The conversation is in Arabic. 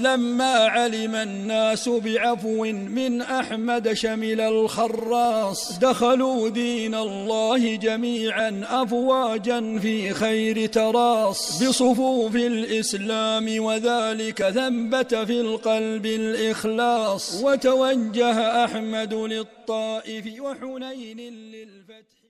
لما علم الناس بعفو من أحمد شمل الخراص دخلوا دين الله جميعا أفواجا في خير تراص بصفوف الإسلام وذلك ثبت في القلب الإخلاص وتوجه أحمد للطائف وحنين للفتح